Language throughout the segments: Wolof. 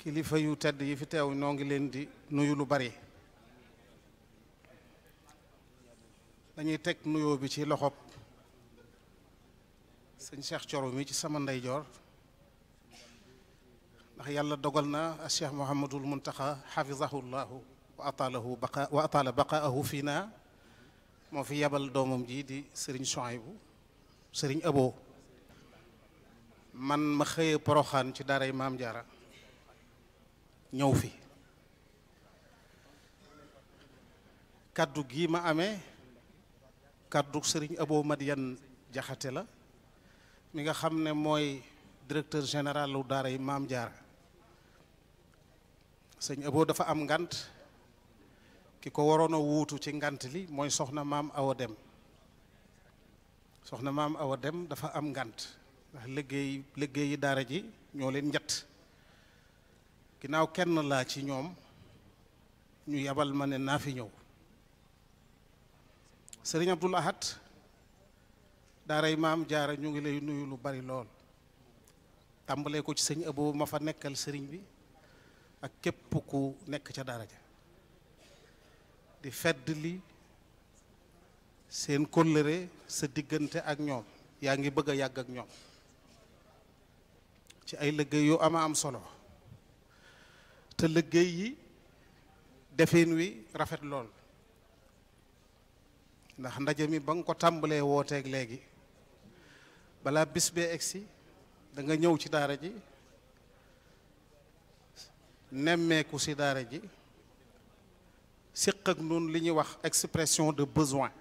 kilifa yu tedd yi fi teew noo ngi leen di nuyu lu bari dañuy teg nuyoo bi ci loxob sëñ Cheikh coro mi ci sama ndeyjoor ndax yàlla dogal na a Cheikh Mouhamadul Muntaxa xafizahu llahu wa wa ataala baqaahu fii naa moo fi yabal doomam jii di sëriñ Souhaïbou sëriñ Abo man ma xëyee poroxaan ci daaray maam jaara ñëw fi kàddu gii ma ame kàddu sëriñ Abo Madiane Jaxate la mi nga xam ne mooy directeur général lu daara yi Maam Jaara sëñ Abo dafa am ngant ki ko waroon a wuutu ci ngant li mooy soxna maam Awa Dem soxna maam Awa Dem dafa am ngant ndax liggéey liggéeyi daara ji ñoo leen njat ginnaaw kenn laa ci ñoom ñu yebal ma ne naa fi ñëw sëriñ Abdul Ahad daaray maam jaara ñu ngi lay nuyu lu bari lool tàmbalee ko ci sëñ Abo ma fa nekkal sëriñ bi ak képp ku nekk ca dara ja di fedd li seen kóllëre sa diggante ak ñoom yaa ngi bëgg yàgg ak ñoom ci ay liggéey yu ama am solo te liggéey yi defin wi rafet lool ndax ndaje mi ba nga ko tàmbalee wooteeg léegi balaa bis bee egsi da nga ñëw ci daara ji nemmeeku ci daara ji siq ak nun li ñuy wax expression de besoin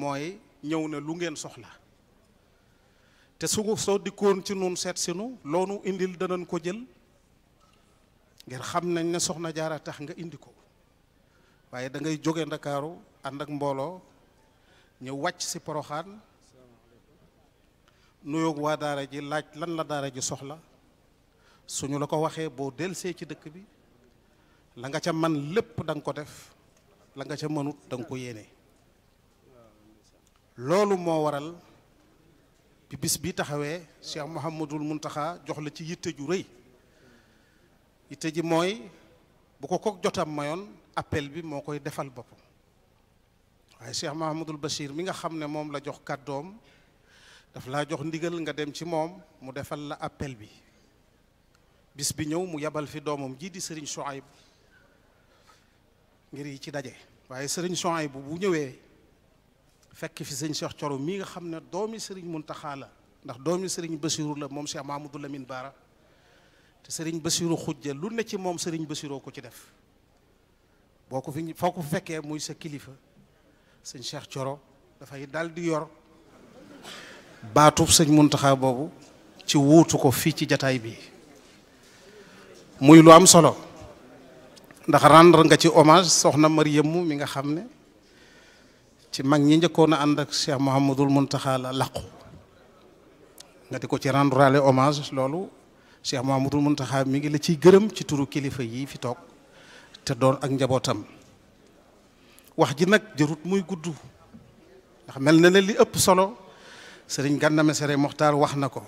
mooy ñëw na lu ngeen soxla te su soo dikkoon ci nun seet si nu loonu indil danañ ko jël ngir xam nañ ne soxna jaar a tax nga indi ko waaye da ngay jóge ndakaaru ànd ak mbooloo ñëw wàcc si poroxaan nuyoog waa daara ji laaj lan la daara ji soxla su ñu la ko waxee boo delsee ci dëkk bi la nga ca man lépp danga ko def la nga ca mënut danga ko yéene loolu moo waral bi bis bi taxawee Cheikh Mouhamadul Muntaxa jox la ci yitte ju rëy yitte ji mooy bu ko ko jotam mayoon appel bi moo koy defal boppam waaye Cheikh Mahamadul Bachir mi nga xam ne moom la jox kàddoom daf laa jox ndigal nga dem ci moom mu defal la appel bi bis bi ñëw mu yabal fi doomam jii di Serigne Souaib ngir yi ci daje waaye Serigne Souaib bu ñëwee fekk fi sëñ Cheikh Thioro mi nga xam ne doomi Serigne Mountakha la ndax doomi sëriñ Bassirou la moom Cheikh Mahamadou Lamine Bara te sëriñ Basiru xujja lu ne ci moom sëriñ Basiroo ko ci def boo ko fi foo ko fekkee muy sa kilifa sëñ Cheikh Coro dafay dal di yor baatu sëñ Muntaxa boobu ci wuutu ko fii ci jataay bi muy lu am solo ndax rendre nga ci hommage soxna Mariyamu mi nga xam ne ci mag ñi njëkkoon a ànd ak Cheikh Mouhamadul Muntaxa la làqu nga di ko ci rendrale hommage loolu Cheikh Mouhamadul Mountakha mu ngi la ciy gërëm ci turu kilifa yii fi toog te doon ak njabootam wax ji nag jërut muy gudd ndax mel na ne li ëpp solo sëriñ Gana Messere Mokhtar wax na ko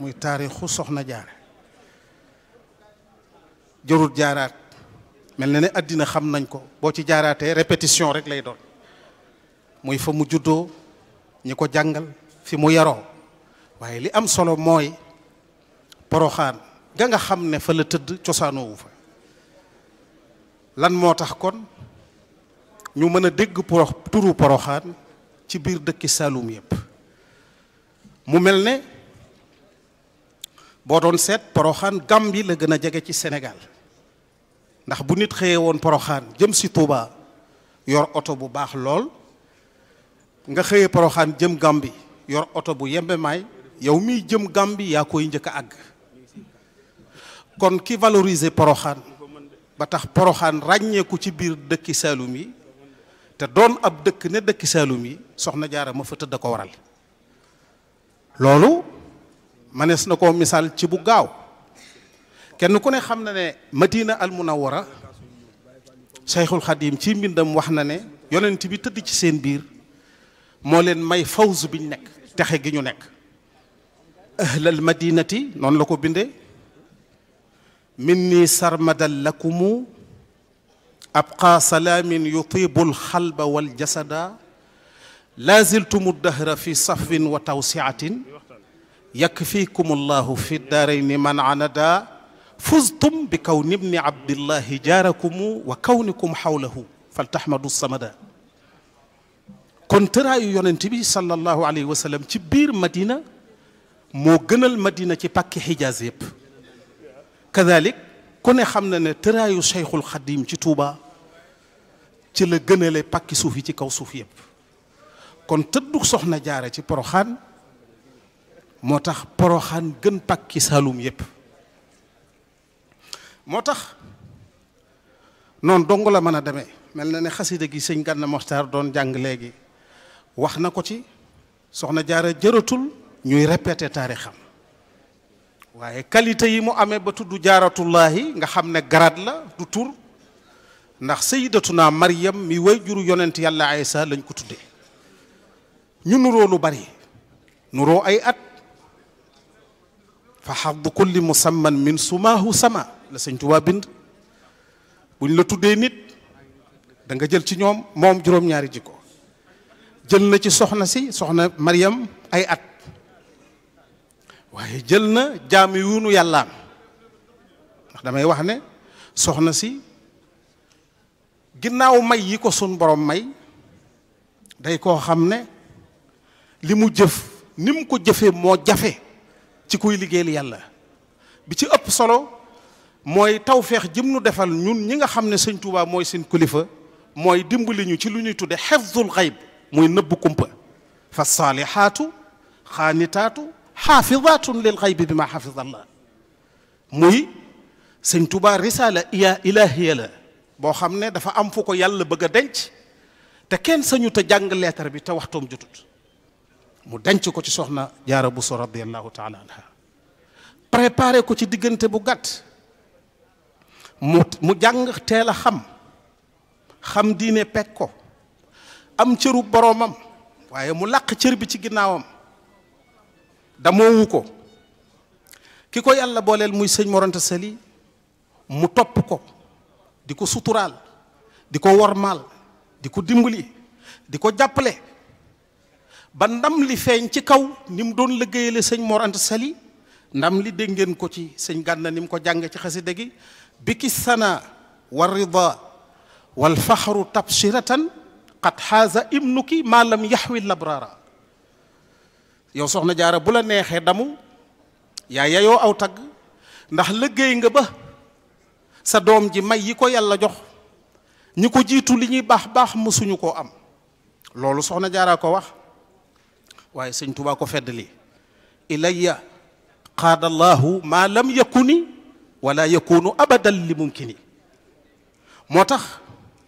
muy taarixu soxna jaar jërut jaaraat mel na ne àddina xam nañ ko boo ci jaaraatee répétition rek lay doon muy fa mu juddoo ñi ko jàngal fi mu yaroo waaye li am solo mooy poroxaan ga nga xam ne fa la tëdd cosaanoowu fa lan moo tax kon ñu mën a dégg porox turu poroxaan ci biir dëkki Saalum yépp mu mel ne boo doon seet poroxaan Gàmbi la gën a jege ci Sénégal ndax bu nit xëyee woon poroxaan jëm si Touba yor oto bu baax lool nga xëyee poroxaan jëm Gàmbi yor oto bu yembe maay yow miy jëm Gàmbi yaa koy njëkk a àgg kon ki valorise poroxaan ba tax poroxaan ràññeeku ci biir dëkki saalum yi te doon ab dëkk ne dëkki saalum yi soxna jaara ma fa tëdd ko waral loolu manees na ko misaal ci bu gaaw kenn ku ne xam na ne madina al munawwara sayxul xadim ci mbindam wax na ne yonent bi tëdd ci seen biir moo leen may fawz biñ nekk texe gi ñu nekk ahlal madinati noonu la ko bindee minni sarmadan lakumu abqa salaamin yutibu alxalba waljasada laa ziltum addahra fi safwin wa tawsiatin yakfikum allahu fi daarayni man anada fuztum bi kawni bni abdillahi jaarakumu wa kawnikum xawlahu faltaxmadu samada kon tëraayu yonent bi sallallahu alayhi wa sallam ci biir madina moo gënal madina ci pàkki xijaas yépp kadalik kone xam na ne tëraayu Cheikhul Xadim ci Touba ci la gënale pàkki suuf yi ci kaw suuf yëpp kon tëddug soxna jaare ci poroxaan moo tax poroxaan gën pàkki Saalum yëpp moo tax noon dong la mën a deme mel na ne xasida gi sëñ Gànna Moxtaar doon jàng léegi wax na ko ci soxna jaare jëratul ñuy répété taarixam waaye qualité yi mu amee ba tudd jaaratullahi nga xam ne garaat la du tur ndax sayidatuna Maryam mi way juru yonent yàlla Isa lañ ko tudde ñu nuroo lu bari nuroo ay at fa xaddu kulli musamman min sumaahu sama la sëñ Tuubaa bind buñ la tuddee nit danga jël ci ñoom moom juróom-ñaari jikko jël na ci soxna si soxna Maryam ay at waaye jël na jaam yu nu yàllaam ndax damay wax ne soxna si ginnaaw may yi ko sun boroom may day koo xam ne li mu jëf ni ko jëfee moo jafe ci koy liggéeyal yàlla bi ci ëpp solo mooy tawfeex jëm nu defal ñun ñi nga xam ne sëñ Tuubaa mooy seen kilifa mooy dimbali ñu ci lu ñuy tudde xefzul xayb muy nëbb kumpa fa saalihaatu xaanitaatu xaafidatun lil xaybi bi ma xafidallah muy sëñ tubaa risaala iya ilaahiya la boo xam ne dafa am fu ko yàlla bëgg a denc te kenn sañu te jàng leetar bi te waxtoom jotut mu denc ko ci soxna jaara buso radiallahu taala anha préparé ko ci diggante bu gàtt mu mu jàng teel xam xam diine peg ko am cëru boroomam waaye mu làq cër bi ci ginnaawam damoowu ko ki ko yàlla booleel muy sëñ Mor mu topp ko di ko suturaal di ko wormaal di ko dimbali di ko jàppale ba ndam li feeñ ci kaw ni mu doon liggéeyale sëñ Mor ndam li dégg ngeen ko ci sëñ Gànna ni mu ko jàng ci xasida gi bi ki sana wa rida wal faxru tabshiratan qad xaaza ibnuki maa lam yaxwi labrara yow soxna jaara bu la neexee damu yaa yayoo aw tagg ndax lëggéey nga ba sa doom ji may yi ko yàlla jox ñi ko jiitu li ñuy baax baax mësuñu koo am loolu soxna jaaraa ko wax waaye sëñ tubaa ko fedd lii ilayya qaada allahu ma lam yakuni wala yakunu abadan li mumkini moo tax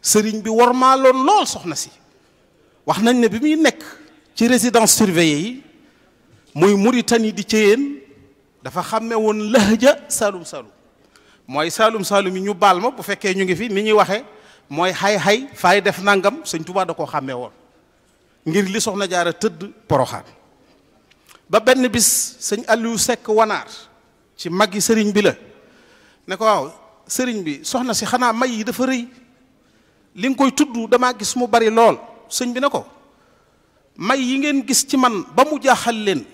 sëriñ bi war maa loon lool soxna si wax nañ ne bi muy nekk ci résidence surveillée yi muy Mauritanie di Ceyeen dafa xàmme woon lahja Saalum Saalum mooy Saalum Saalum yi ñu baal ma bu fekkee ñu ngi fi ni ñuy waxee mooy xay-xay faay def nangam sëñ Tuubaa da koo xàmme woon ngir li soxna jaara tëdd poroxaan ba benn bis sëñ Aliou Seck wanaar ci mag yi sëriñ bi la ne ko waaw sëriñ bi soxna si xanaa may yi dafa rëy li nga koy tudd dama gis mu bari lool sëñ bi ne ko may yi ngeen gis ci man ba mu jaaxal leen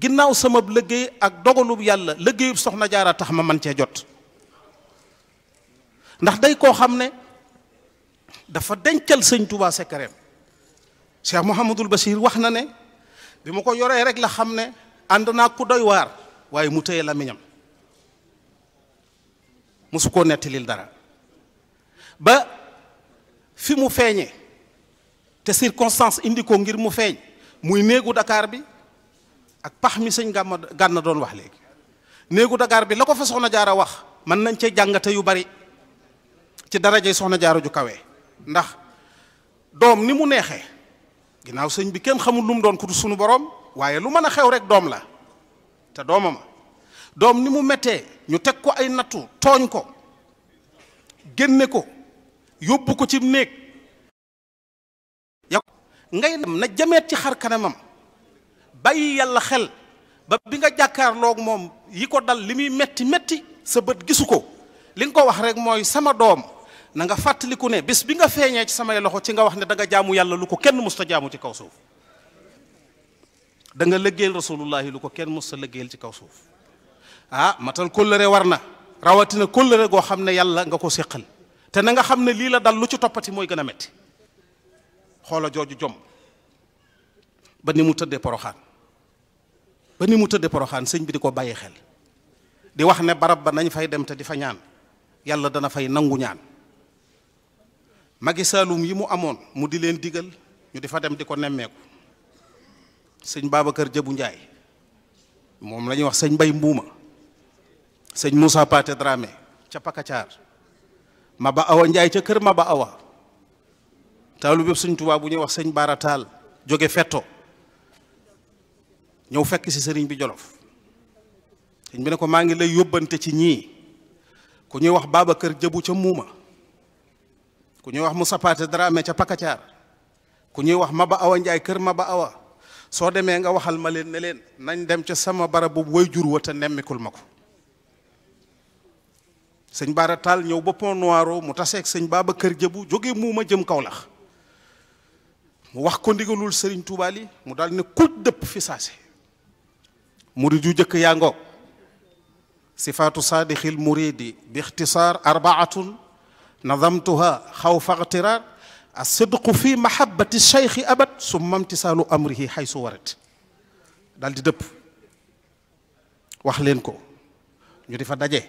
ginnaaw sama liggéey ak dogalub yàlla liggéeyub soxna jaara tax ma man cee jot ndax day koo xam ne dafa dencal sëñ Touba sekkareem Cheikh Mouhamadul Bachir wax na ne bi ma ko yoree rek la xam ne ànd naa ku doy waar waaye mu tëye lamiñam mosu koo nettalil dara ba fi mu feeñee te circonstance indi ko ngir mu feeñ muy néegu dakaar bi ak pax mi sëñ gàmma gànna doon wax léegi néegu dagaar bi la ko fa soxna jaara wax mën nañ cee jàngate yu bari ci darajey soxna jaara ju kawe ndax doom ni mu neexee ginnaaw sëñ bi kenn xamul lu mu doon ku du sunu borom waaye lu mën a xew rek doom la te doomam doom ni mu mettee ñu teg ko ay nattu tooñ ko génne ko yóbbu ko ci néeg ya ngay dem na jameet ci xar kanamam bàyyi yàlla xel ba bi nga jàkkaarloog moom yi ko dal li muy metti metti sa bët gisu ko li nga ko wax rek mooy sama doom na nga fàttaliku ne bis bi nga feeñee ci samay loxo ci nga wax ne danga nga jaamu yàlla lu ko kenn musta jaamu ci kaw suuf da nga lëggéeyal rasulullahi lu ko kenn musta lëggéeyal ci kaw suuf ah matal kóllëre war na rawatina kóllëre goo xam ne yàlla nga ko séqal te na nga xam ne lii la dal lu ci toppati mooy gën a metti xoola jooju jom ba ni mu tëddee poroxaan ba ni mu tëdde poroxaan señ bi di ko bàyyi xel di wax ne barab ba nañ fay dem te di fa ñaan yàlla dana fay nangu ñaan magi saalum yi mu amoon mu di leen digal ñu di fa dem di ko nemmeeku sëñ Babacar Jëbu Njaay moom la wax sëñ bay Mbuuma sëñ Moussa Paté Dramé ca ma ba Awa Njaay ca kër Maba Awa taalu bépp sëñ Tuubaa bu ñuy wax sëñ Baara Taal jóge feto ñëw fekk si sëriñ bi jolof sëñ bi ne ko maa ngi lay yóbbante ci ñii ku ñuy wax baaba kër Jëbu ca muuma ku ñuy wax Moussa Paté Dramé ca Pakacaar ku ñuy wax ma Maba Awa Njaay kër ma Maba Awa soo demee nga waxal ma leen ne leen nañ dem ca sama barabu jur wa te nemmikul ma ko sëñ Baara Taal ñëw ba Pont mu taseeg sëñ Babacar Jëbu jóge muuma jëm Kawlax mu wax ko ndigalul sëriñ Tuubaa li mu daal ne kuj dëpp fi saase murid yu jëkk yaa ngoog sifaatu saadixil muridi bi ixtisaar arbaatun nadamtuha xawfa ixtiraar asidqu fi mahabati cheikhi abad summa imtisaalu amrihi xaysu warat daal di dëpp wax leen ko ñu di fa daje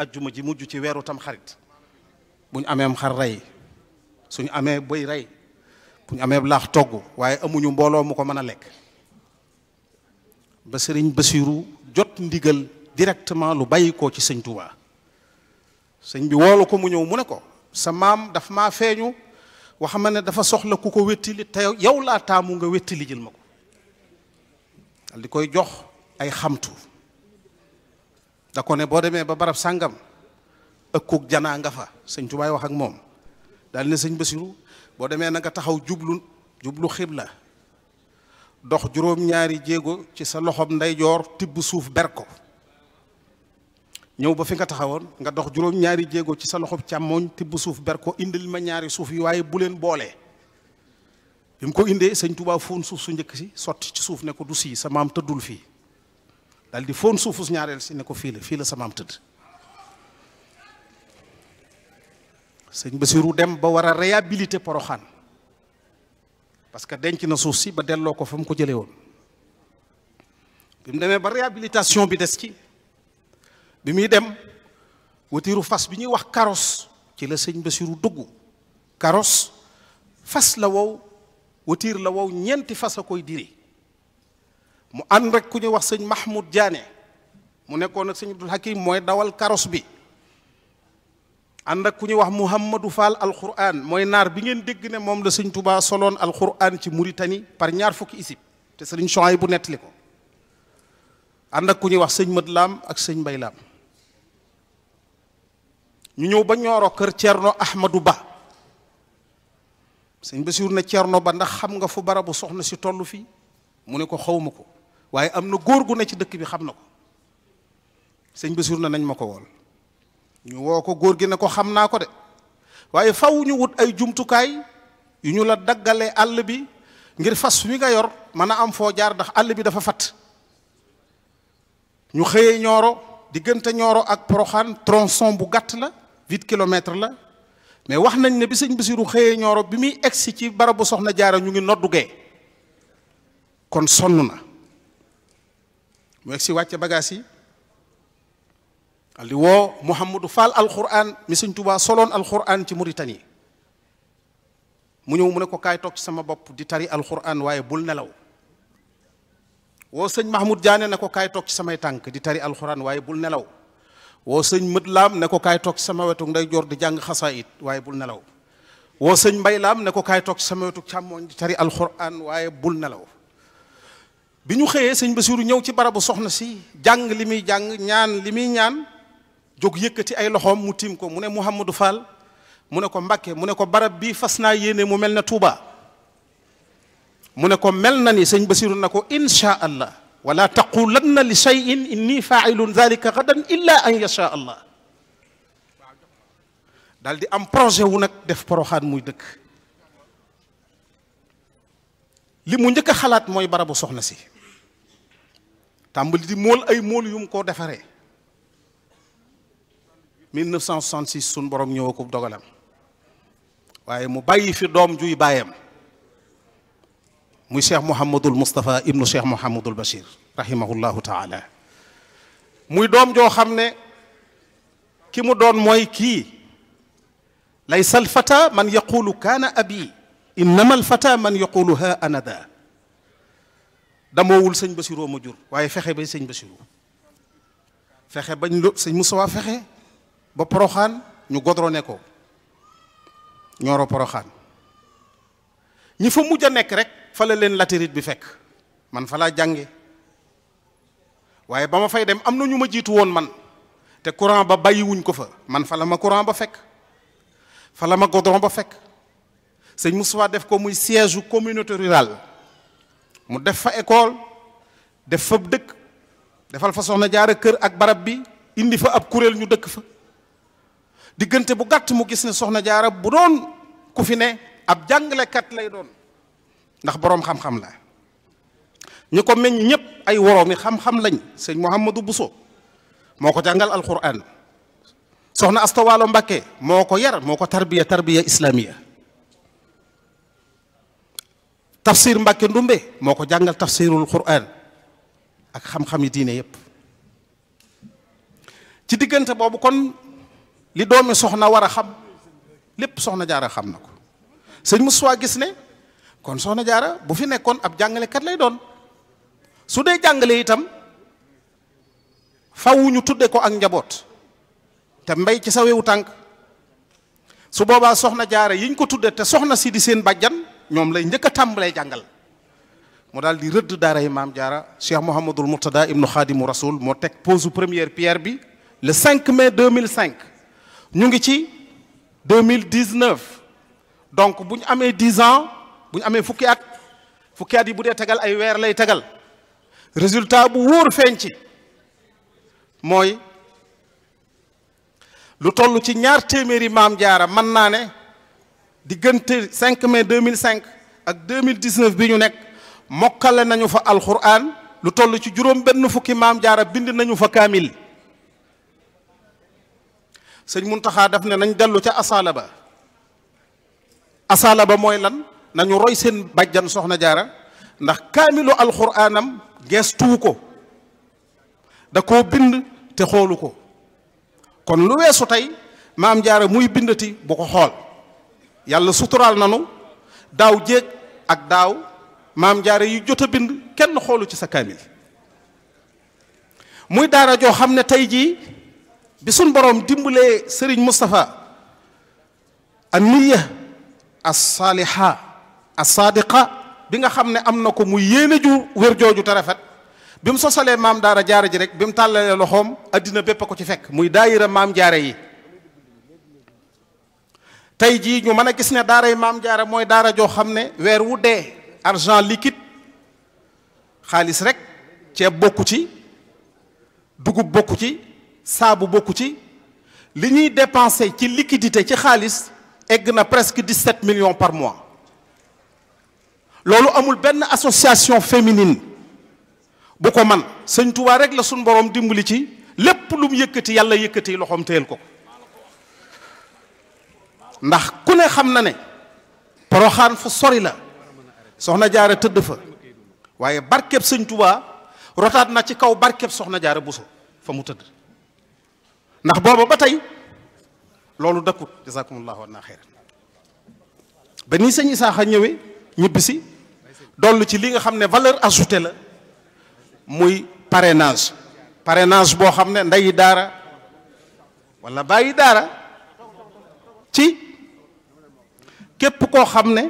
ajjuma ji mujj ci weeru tam xarit bu ñu amee am xar rey suñu amee bëy rey bu ñu amee laax togg waaye amuñu mbooloo mu ko mën a lekk ba Basiru jot ndigal directement lu bàyyi ko ci sëñ sëñ bi woolu ko mu ñëw mu ne ko sa maam dafa maa feeñu wax ma ne dafa soxla ku ko wettili te yow laa taamu nga wettili jël ma ko dal di koy jox ay xamtu da ko ne boo demee ba barab sàngam ak ëkkug janaa nga fa sëñ wax ak moom dal ne sëñ Basiru boo demee na nga taxaw jublu jublu xibla dox juróom-ñaari jéego ci sa loxoom ndeyjoor tibb suuf ber ko ñëw ba fi nga taxawoon nga dox juróom-ñaari jéego ci sa loxob càmmooñ tibb suuf ber ko indil ma ñaari suuf yi waaye bu leen boolee bi mu ko indee sëñ Tuubaa foon suuf su njëkk si sotti suuf ne ko du sii sa maam tëddul fii dal di foon suufu ñaareel si ne ko fii la fii la sa maam tëdd sëñ Basiru dem ba war a réhabiliter Poroxaan parce que denc na suuf si ba delloo ko fa mu ko jëlee woon bi mu demee ba réhabilitation bi des ci bi muy dem watiiru fas bi ñuy wax karos ci la sëñ Basiru dugg carrosse fas la wow watiir la wow ñeenti fas a koy diri mu ànd rek ku ñuy wax sëñ Mahmoud Diané mu nekkoon ak sëñ Abdul Hakim mooy dawal carrosse bi ànd ak ku ñu wax Mouhamadou Fall alquran mooy naar bi ngeen dégg ne moom la sëñ Touba soloon alquran ci Mauritanie par ñaar fukki isib te sëriñ Chouaib bu nettali ko ànd ku ñuy wax sëñ Mët Laam ak sëñ Mbay Laam ñu ñëw ba Ñooro kër Thierno Ahmadou Ba sëñ Basiir ne Thierno Ba ndax xam nga fu barabu soxna si toll fii mu ne ko xawma ko waaye am na góor gu ne ci dëkk bi xam na ko sëñ Basiir na nañ ma ko woon ñu woo ko góor gi ne ko xam naa ko de waaye faw ñu wut ay jumtukaay yu ñu la daggalee àll bi ngir fas wi nga yor mën a am foo jaar ndax àll bi dafa fatt ñu xëyee ñooro diggante ñooro ak poroxaan tronçon bu gàtt la huit kilomètres la mais wax nañ ne bi sëñ Basiru xëyee ñooro bi muy egsi ci barabu soxna jaara ñu ngi noddu gee kon sonn na mu egsi wàcce bagaas yi daal di woo Mouhamadou Fall alquran mi sëñ Tuubaa soloon alquran ci Mauritanie mu ñëw mu ne ko kaay toog ci sama bopp di tari alquran waaye bul nelaw woo sëñ Mahmoud Diané ne ko kaay toog ci samay tànk di tari alquran waaye bul nelaw woo sëñ Mët Laam ne ko kaay toog ci sama wetu nday joor di jàng xasaayit waaye bul nelaw woo sëñ Mbay Laam ne ko kaay toog ci sama wetu càmmooñ di tari alquran waaye bul nelaw bi ñu xëyee sëñ Basiru ñëw ci barabu soxna si jàng li muy jàng ñaan li muy ñaan jóg yëkkati ay loxoom mu tiim ko mu ne Mouhamadou Fall mu ne ko Mbàkke mu ne ko barab bii fas naa yéene mu mel na Touba mu ne ko mel na ni sëñ Basiru na ko insha allah wala taqulanna li cheyin inni failun dalika gadan illa an yasha allah daal di am projet wu nag def poroxaan muy dëkk li mu njëkk a xalaat mooy barabu soxna si tàmbali di mool ay mool yu ko defaree 1966 suñ borom ñëw ko dogalam waaye mu bàyyi fi doom juy baayam muy cheikh Mouhamadul Moustapha ibnu cheikh Mouhamadul Bachir rahimahullahu taala muy doom joo xam ne ki mu doon mooy kii laysa fata man yaqulu kaana abi innama alfata man yaqulu ha anada damoowul sëñ Bachiroo ma jur waaye fexe bay sëñ Bachiroo fexe bañ lo sëñ Moussa fexe ba poroxaan ñu godrone ko ñooro poroxaan ñi fa mujj a nekk rek fa la leen latérite bi fekk man fa laa jànge waaye ba ma fay dem am na ñu ma jiitu woon man te courant ba bàyyiwuñ ko fa man fa la ma courant ba fekk fa la ma godron ba fekk sëñ Moussa def ko muy siège u communauté rurale mu def fa école def fa dëkk defal fa soxna jaara kër ak barab bi indi fa ab kuréel ñu dëkk fa diggante bu gàtt mu gis ne soxna jaara bu doon ku fi ne ab jàngalekat lay doon ndax boroom xam-xam la ñu ko meññ ñépp ay woroomi xam-xam lañ sëñ Mouhamadou buso moo ko jàngal al alquran soxna astawaalo Mbàkke moo ko yar moo ko tarbiya tarbiya islamiya tafsir Mbàkke Ndumbe moo ko jàngal tafsirul quran ak xam-xam yi diine yëpp ci diggante boobu kon li doomi soxna war a xam lépp soxna jaara xam na ko sëñ Moussa gis ne kon soxna jaara bu fi nekkoon ab jàngale kat lay doon su dee jàngale itam faw ñu tudde ko ak njaboot te mbay ci sa wewu tànk su boobaa soxna jaara yiñ ko tudde te soxna si di seen bàjjan ñoom lay njëkk a tàmbalee jàngal mu daal di rëdd daaray maam jaara Cheikh Mouhamadul Mourtada ibnu Khadimu Rasoul moo teg pose première pierre bi le 5 mai 2005. ñu ngi ci deux mille dix neuf donc bu ñu amee dix ans bu ñu amee fukki at fukki at yi bu dee tagal ay weer lay tagal résultat bu wóor feeñ ci mooy lu toll ci ñaar téeméeri maam jaara mën naa ne diggante 5 mai 2005 ak 2019 bi ñu nekk mokkale nañu fa alxuraan lu toll ci juróom benn fukki maam jaara bind nañu fa kaamil sëñ Muntaxa daf ne nañu dellu ca asaala ba asaala ba mooy lan nañu roy seen bàjjan soxna jaara ndax kaamilu alxuraanam geestuwu ko da koo bind te xoolu ko kon lu weesu tey maam jaare muy bindati bu ko xool yàlla suturaal nanu daaw jéeg ak daaw maam jaare yu jot a bind kenn xoolu ci sa kaamil muy daara joo xam ne tey jii bi suñ boroom dimbalee sëriñ Moustapha an niya as saaliha as saadiqa bi nga xam ne am na ko mu yéene ju wér jooju te rafet bi mu sosalee maam daara jaare ji rek bi mu tàllalee loxoom àddina bépp a ko ci fekk muy daayira maam jaare yi tey jii ñu mën a gis ne daara yi maam jaare mooy daara joo xam ne weer wu dee argent liquide xaalis rekk ceeb bokku ci dugub bokku ci saabu bokku ci li ñuy dépensé ci liquidité ci xaalis egg na presque 17 million par mois loolu amul benn association féminine bu ko man sëñtuwaa Tuubaa rek la suñ borom dimbali ci lépp lu mu yëkkati yàlla yëkkati loxoom téyel ko ndax ku ne xam na ne poroxaan fu sori la soxna jaara tëdd fa waaye barkeb sëñ Tuubaa rotaat na ci kaw barkeb soxna jaara buso fa mu tëdd ndax booba ba tey loolu dëkkut jasakumullahu wa naa xeyran ba nii sëñ a ñëwee ñibbisi dollu ci li nga xam ne valeur ajoutée la muy parenage parrainage boo xam ne ndeyi daara wala bàyyi daara ci képp koo xam ne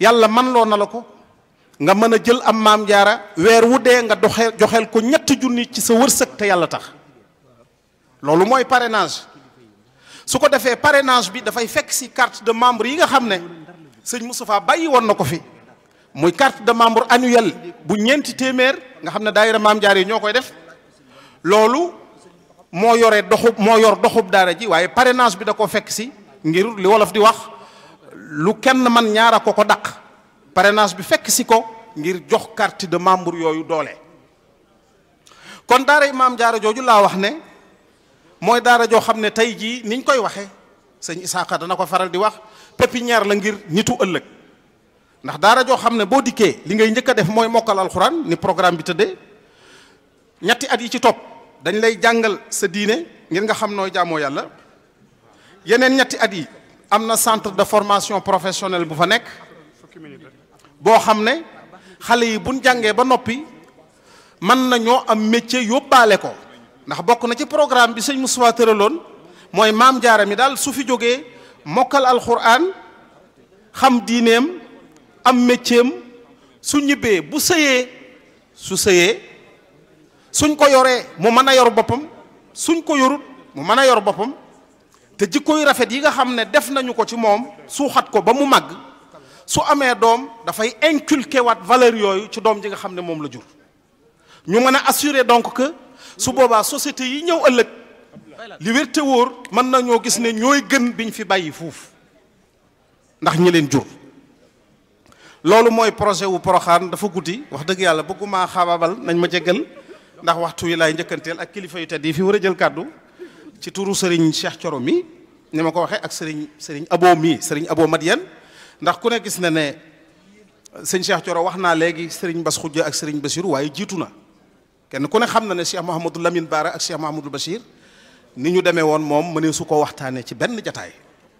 yàlla man loo na la ko nga mën a jël am maam jaara weer wu dee nga doxe joxeel ko ñetti junni ci sa wërsëg te yàlla tax loolu mooy parrainage su ko defee parenage bi dafay fekk si carte de membre yi nga xam ne sëñ Moustapha bàyyi woon na ko fi muy carte de membre annuelle bu ñeenti téeméer nga xam ne daayira maam jaar yi ñoo koy def loolu moo yore doxub moo yor doxub daara ji waaye parrainage bi da ko fekk si ngir li wolof di wax lu kenn man ñaara ko ko daq parrainage bi fekk si ko ngir jox carte de membre yooyu doole kon daara mam jaara jooju laa wax ne mooy daara joo xam ne tey jii niñ koy waxee sëñ Isaaka dana ko faral di wax pépinière la ngir ñitu ëllëg ndax daara joo xam ne boo dikkee li ngay njëkk a def mooy mokkal alxuraan ni programme bi tëddee ñetti at yi ci topp dañ lay jàngal sa diine ngir nga xam nooy jaamoo yàlla yeneen ñetti at yi am na centre de formation professionnel bu fa nekk boo xam ne xale yi buñ jàngee ba noppi mën nañoo am métier yóbbaale ko ndax bokk na ci programme bi sëñ Moustapha tëraloon mooy maam jaara mi daal su fi jógee mokkal alxuraan xam diineem am mécceem su ñibbee bu sëyee su sëyee suñ ko yoree mu mën a yor boppam suñ ko yorut mu mën a yor boppam te jikko yu rafet yi nga xam ne def nañu ko ci moom suuxat ko ba mu màgg su amee doom dafay inculquer waat valeur yooyu ci doom ji nga xam ne moom la jur ñu mën a assurer donc que su boobaa société yi ñëw ëllëg li wér te wóor mën nañoo gis ne ñooy gën biñ fi bàyyi fuuf ndax ñi leen jur loolu mooy projet wu poroxaan dafa guddi wax dëgg yàlla bëgguma xaabaabal nañ ma jéggal ndax waxtu wi laay njëkkanteel ak kilifa yu tedd yi fi war a jël kàddu ci turu sëriñ Cheikh Coro mi ni ma ko waxee ak sëriñ sëriñ Abo mi sëriñ Abo Madiane ndax ku ne gis na ne sëñ Cheikh Coro wax naa léegi sëriñ Bas Xujja ak sëriñ Basiru waaye jiitu na kenn ku ne xam na ne Cheikh Mouhamadou Lamine Bara ak Cheikh Mouhamadou Bachir ni ñu demee woon moom mënee su ko waxtaanee ci benn jataay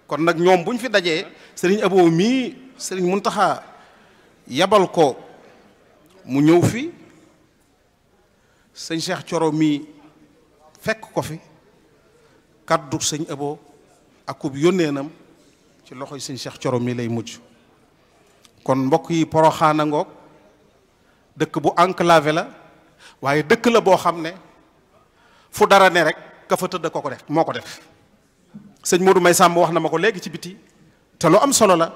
kon nag ñoom bu ñu fi dajee sëriñ Abo mii sëriñ Muntaxa yabal ko mu ñëw fi sëñ Cheikh Coro mii fekk ko fi kaddu sëñ Abo ak kub yónneenam ci loxoy sëñ Cheikh Coro mii lay mujj kon mbokk yi Poroxaan a ngoog dëkk bu enclavé la waaye dëkk la boo xam ne fu dara ne rek ka fa tëdd ko ko def moo ko def sëñ Modou May sàmm wax na ma ko léegi ci biti te lu am solo la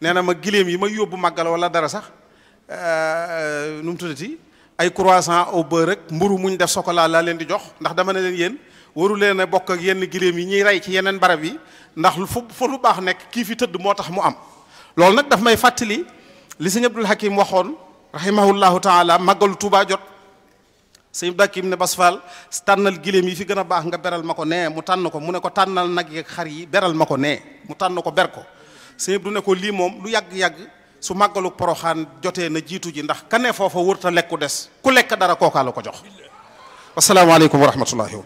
nee na ma giléem yi may yóbbu màggal wala dara sax euh, nu mu tuddati ay croissant au beurre rek mburu muñ def chocolat laa leen di jox ndax dama ne leen yéen waru leen a bokk ak yenn giléem yi ñuy rey ci yeneen barab yi ndax fu fu lu baax nekk kii fi tëdd moo tax mu am loolu nag daf may fàttali li sëñ Abdul Hakim waxoon rahimahullahu taala màggalu Tuubaa jot sëñ dàkk im ne bas faal tànnal giléem yi fi gën a baax nga beral ma ko nee mu tànn ko mu ne ko tànnal nag yeeg xar yi beral ma ko nee mu tànn ko ber ko sëñ du ne ko lii moom lu yàgg-yàgg su màggalu poroxaan jotee na jiitu ji ndax ka ne foofa wër ta lekku des ku lekk dara kookaa ko jox wasalaamaaleykum wa rahmatullahi wa